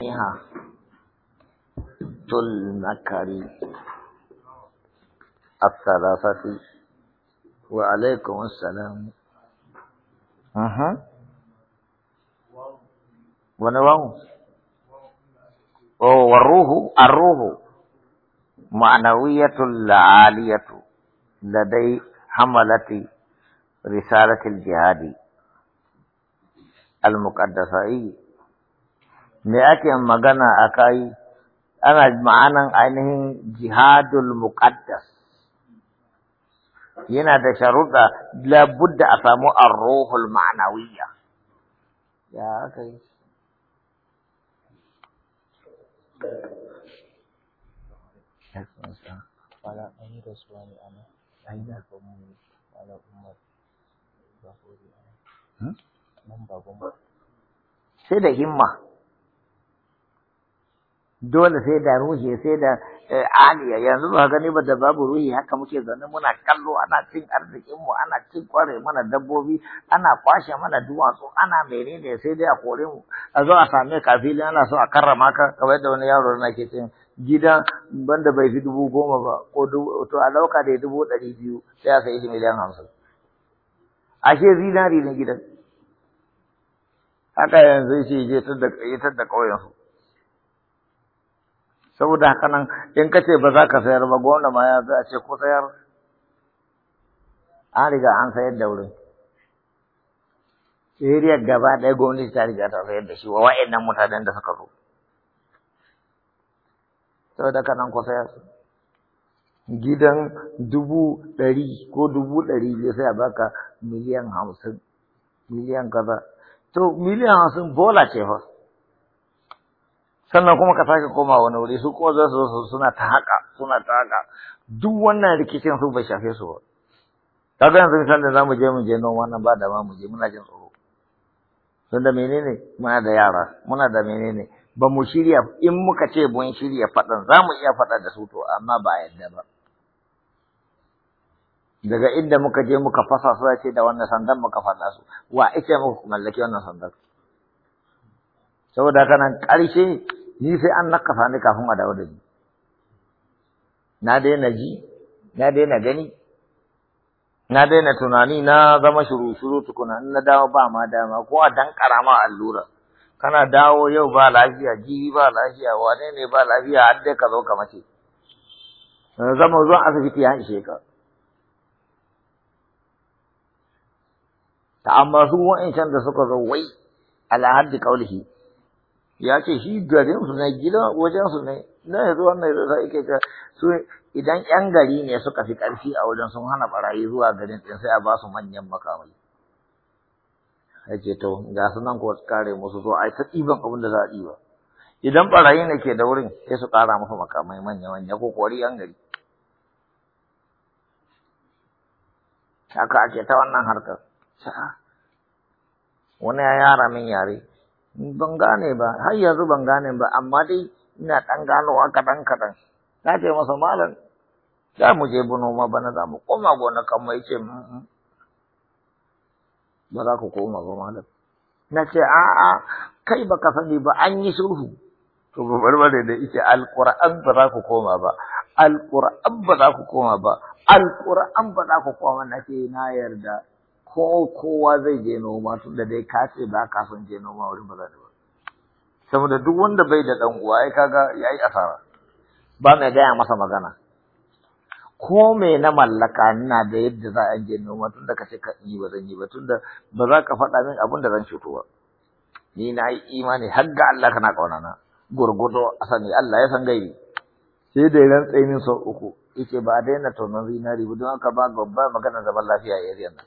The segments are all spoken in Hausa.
فيها المكر الثلاثة وعليكم السلام أها ونواه والروح الروح معنوية العالية لدي حملة رسالة الجهاد المقدسة me ake magana a kai ana ma'anan ainihin jihadul muqaddas yana da sharuɗa labudda a samu arruhul ma'anawiyya ya aka hmm? sai da himma dole sai da ruhi sai da eh, aliya yanzu ba gani ba da babu ruhi haka muke zaune muna kallo ana cin arzikinmu, ana cin kware mana dabbobi ana kwashe mana duwatsu ana menene sai dai a kore mu a zo a same kafili ana so a karrama ka kamar yadda wani yaro na ke cin gida banda bai fi dubu goma ba ko dubu to a lauka da dubu ɗari biyu sai a sayi miliyan hamsin ashe zinari na gidan haka yanzu shi je ta da ƙauyensu saboda haka nan in ka ce ba za ka sayar ba gwamna ma ya a ce ko sayar an riga an sayar da wurin siriyar gaba ɗaya gwamnati ta riga ta sayar da shi wa wa'annan mutanen da suka zo saboda haka nan ko sayar gidan dubu ɗari ko dubu ɗari zai sai a baka miliyan hamsin miliyan kaza to miliyan hamsin bola ce fa sannan kuma ka sake koma wani wuri su ko za su suna ta haka suna ta haka duk wannan rikicin su bai shafe su ba kaga yanzu misali za mu je mu je noma nan ba da ma mu je muna jin tsoro sun da menene muna da yara muna da menene ba mu shirya in muka ce mun shirya faɗan za mu iya faɗa da su to amma ba a yadda ba daga inda muka je muka fasa su ce da wannan sandan muka faɗa su wa ake muka mallaki wannan sandan saboda haka nan ƙarshe ni sai an nakasa ni kafin a dawo da ni na daina ji na daina gani na daina tunani na zama shuru shuru tukuna in na dawo ba ma dama ko a dan karama allura kana dawo yau ba lafiya ji ba lafiya wane ne ba lafiya har dai ka zo ka mace zama zuwa asibiti ya ishe ka ta amma su can da suka zo wai ala haddi kaulihi ya ce shi garinsu ne gidan wajensu ne na yanzu wannan ke ta su idan yan gari ne suka fi ƙarfi a wajen sun hana barayi zuwa garin ɗin sai a ba su manyan makamai ya ce to ga su nan kuwa kare musu so ai ta ɗiban abin da za a ɗiba idan barayi ne ke da wurin sai su ƙara musu makamai manya-manya ko kori yan gari haka ake ta wannan harkar ah, wani ya yara min yare ban gane ba har yanzu ban gane ba amma dai ina ɗan ganowa kadan kadan na ce masa malam za mu je bu noma bana za mu koma kan mai ce ba za ku koma ba malam na ce a'a kai baka sani ba an yi sulhu to ba barbare da ita alquran ba za ku koma ba alquran ba za ku koma ba alquran ba za ku koma na ce na yarda ko kowa zai je noma tun da dai ka ce ba ka son je noma wurin ba za ta ba saboda duk wanda bai da dan uwa ai kaga yayi asara ba mai gaya masa magana ko me na mallaka ina da yadda za a je noma tun da ka ce ka yi ba zan yi ba tun da ba za ka faɗa min abin da zan cuto ba ni na yi imani har ga Allah kana kauna na gurgudo a sani Allah ya san gairi. sai da ran tsayin sau uku yace ba a daina tonon zinari ba don haka ba babba magana zaman lafiya a area nan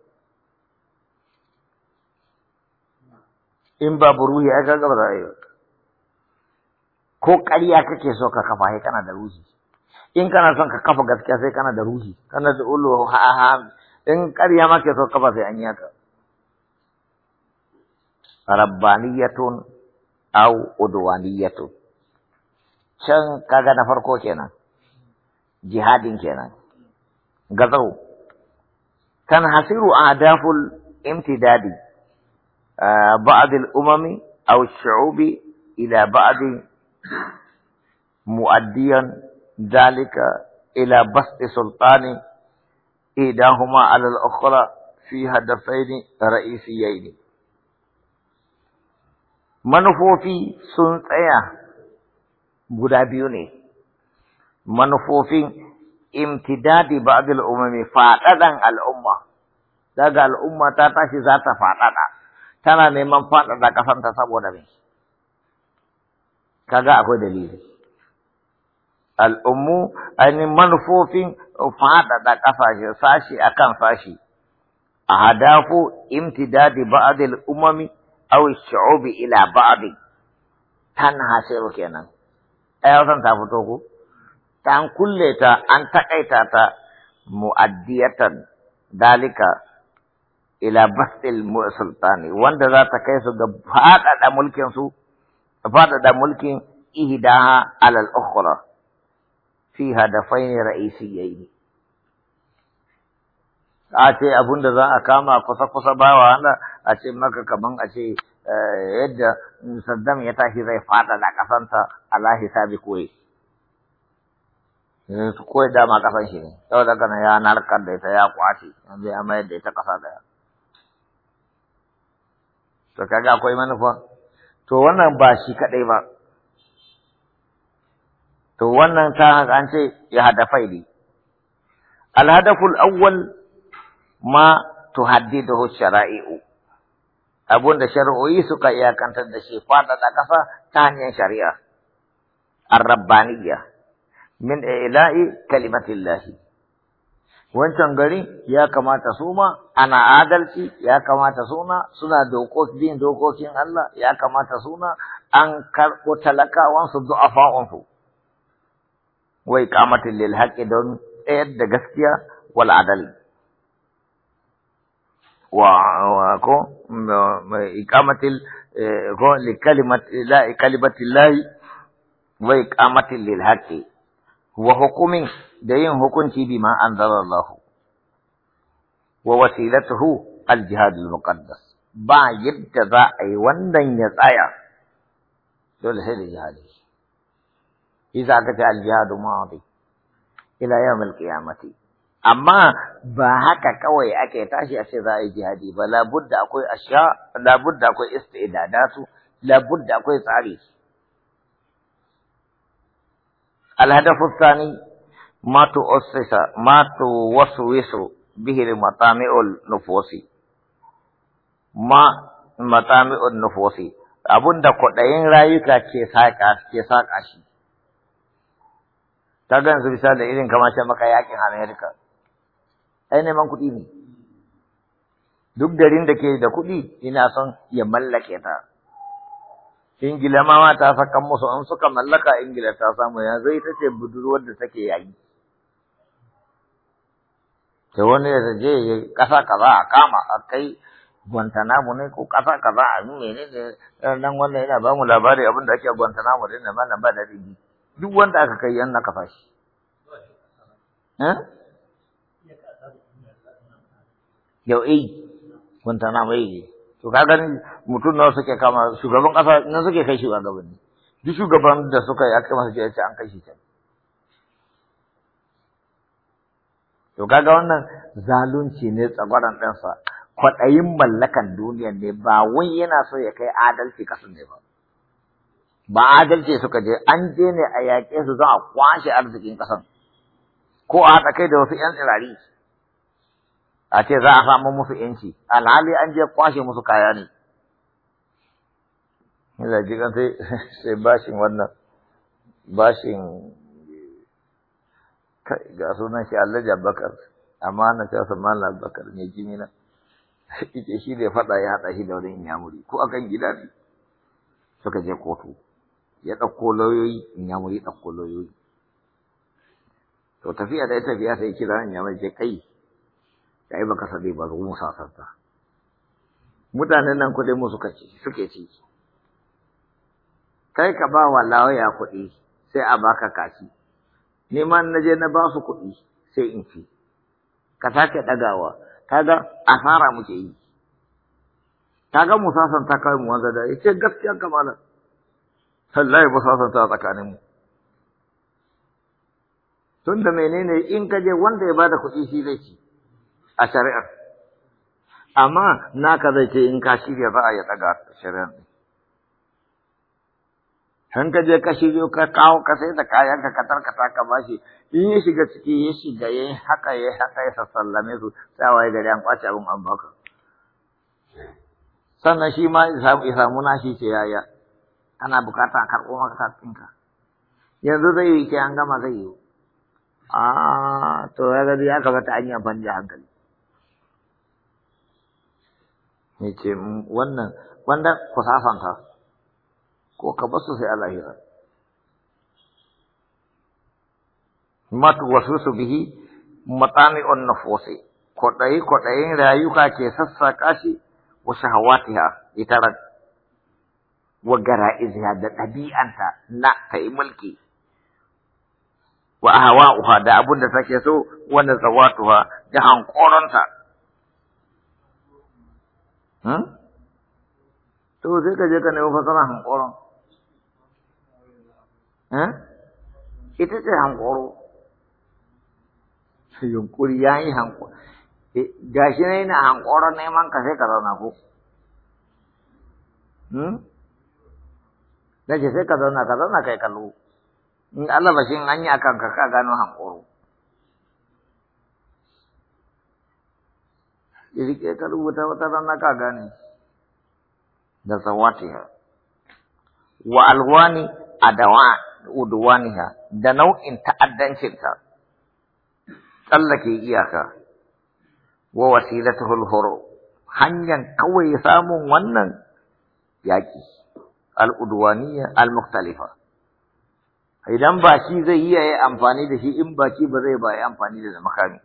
in babu ruhi ai kaga ba za ko ƙarya kake so ka kafa sai kana da ruhi in kana son ka kafa gaskiya sai kana da ruhi kana da ulu ha ha in ƙarya ma ke so kafa sai an yi haka rabbaniyatun aw udwaniyatun can kaga na farko kenan jihadin kenan gazau kan hasiru adaful imtidadi بعض الأمم أو الشعوب إلى بعض مؤديا ذلك إلى بسط سلطان إحداهما على الأخرى في هدفين رئيسيين manufofi sun tsaya guda biyu ne manufofin imtidadi ba'dil umami faɗaɗan al'umma daga al'umma ta tashi za ta faɗaɗa tana neman faɗaɗa ƙasanta saboda me kaga akwai dalili al'ummu ainihin manufofin faɗaɗa ƙasashe sashi a kan sashi a hadafu imtidadi ba'adil umami aw shu'ubi ila ba'adi tanhasiru kenan ai wannan ta fito ku ta an kulle ta an taƙaita ta mu'addiyatan dalika ila bastil sultani wanda za ta kai su ga faɗaɗa mulkin su faɗaɗa mulkin ihida alal ukhra fi hadafaini ra'isiyaini a ce abun da za a kama kusa kusa ba wa a ce maka kaman a ce eh, yadda Saddam ya tashi zai faɗaɗa ƙasanta Allah hisabi koyi eh, koyi dama ƙasan shi ne saboda kana ya narkar da ita ya kwace yanzu ya mayar da ita ƙasa daya to kaga akwai manufa to wannan ba shi kadai ba to wannan ta an ce ya hada faili alhadaful awwal ma tuhaddiduhu shara'i'u abun da shari'o'i suka iyakantar da shi faɗaɗa ƙasa ta hanyar shari'a ar-rabbaniyya min ila'i kalimatillahi wancan gari ya kamata su ma ana adalci ya kamata suna suna dokoki bin dokokin Allah ya kamata suna an karɓo talakawansu du'afa'unsu wai kamatin lil haqqi don tsayar da gaskiya wal adal wa ko iqamatil eh, ko li kalimat la kalimatillahi wa iqamatil lil haqqi وحكم دين حكم بما انزل الله ووسيلته الجهاد المقدس با يبتدا اي وندن يتايا دول هذه الجهاد اذا كتا الجهاد ماضي الى يوم القيامه اما با هكا كوي اكي تاشي اشي ذا جهادي فلا بد اكو اشياء لا بد اكو استعدادات لا بد اكو تاريخ الهدف الثاني ما تؤسس ما توسوس به المطامع النفوس ما مطامع النفوس abun da kwaɗayin rayuka ke saƙa ke saƙa shi ta gansu bisa da irin kamar maka yakin amerika ai neman kuɗi ne duk garin da ke da kuɗi ina son ya mallake ta ingila ma ta sakan musu an suka mallaka ingila ta samu ya zai ta ce budurwar da take yayi ta wani da je kasa kaza a kama a kai Guantanamo ne ko kasa kaza a yi ne. ne nan wannan yana bamu labari abin da ake a Guantanamo din nan malam ba da rigi duk wanda aka kai yan naka fashi eh? yau eh Guantanamo yake eh. to ka gani mutum nawa suke kama shugaban kasa na suke kai ne. duk shugaban da suka yi aka masa jiyarci an kai shi can to kaga wannan zalunci ne tsagwaran ɗansa kwaɗayin mallakan duniya ne ba wai yana so ya kai adalci ƙasa ne ba ba adalci suka je an je ne a yaƙe su za a kwashe arzikin ƙasan ko a haɗa kai da wasu 'yan tsirari a ce za a samu musu yanci alhali an je kwashe musu kaya ne ina ji kan sai sai bashin wannan bashin ga sunan shi Allah Abubakar amana ta sa mallan Abubakar ne jimina ike shi da faɗa ya hada shi da wani inyamuri ko akan gida ne suka je kotu ya ɗauko lauyoyi inyamuri ɗauko lauyoyi to tafiya da tafiya sai kira inyamuri je kai ai baka sadi ba mu sasanta mutanen nan kudin mu suka ci suke ci kai ka ba wa ya kudi sai a baka kashi ni ma na je na ba su kuɗi sai in ci ka sake ɗagawa kaga asara muke yi kaga mu sasanta kai mu wanda da yace gaskiya kamalan sallahi mu sasanta tsakanin mu tunda menene in ka je wanda ya bada kuɗi shi zai ci a shari'ar amma naka zai ce in ka shirya za a ya daga shari'ar han ka je ka shirya ka kawo ka sai da kayan ka katar ka ta ka bashi in ya shiga ciki ya shiga ya haka ya haka ya sassallame su sai waye gari an kwace abin an baka sannan shi ma ya samu nashi ce yaya ana bukata a karɓo maka katinka yanzu zai yi ke an gama zai yi Ah, to ya gari ya kamata an yi amfani da hankali ya ce wannan wanda ku sasanta ko ka su sai alahira matu wasu su bihi matani on nafosi kwaɗayi kwaɗayin rayuka ke sassaƙa shi wa shahawatiha ita wa gara'iziha da ɗabi'anta na ta yi mulki wa ahawa'uha da abin da take so wanda zawatuha da hankoronta to sai ka je ka nemi fasara hankoron ita ce hankoro yunkuri ya yi hankoro eh, gashi na yana hankoron neman ka sai ka zauna ko hmm? na ce sai ka zauna ka zauna kai kallo in Allah ba shi an yi akan ka ka gano hankoro Jadi kita rubuta wata buta ka gane da Dasawatiha. wa alwani adawa udwaniha da nau'in ta'addancinta tsallake iyaka wa wasilatuhu alhuru hanyar kawai samu wannan yaƙi al'udwaniya al-muktalifa idan baki zai iya yi eh, amfani da shi in baki ba zai ba yi eh, amfani da makami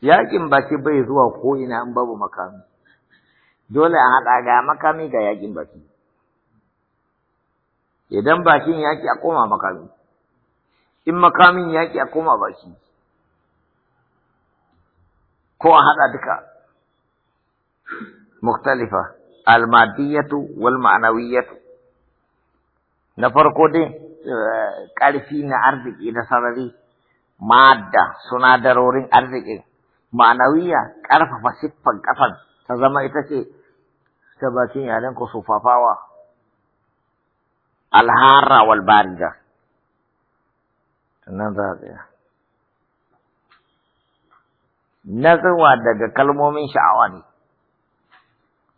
yaƙin baki bai zuwa ko ina an babu makami dole a haɗa ga makami ga yaƙin baki idan bakin yaƙi a koma makami in makamin yaƙi a koma baki ko a haɗa duka muktalifa almadiyatu wal ma'anawiyatu na farko dai eh, ƙarfi na arziki na sarari madda sunadarorin arzikin ma'anawiya ƙarfafa siffan ƙafan ta zama ita ce bakin yaren ku sufafawa alhara wal barida nan za tsaya nazarwa daga kalmomin sha'awa ne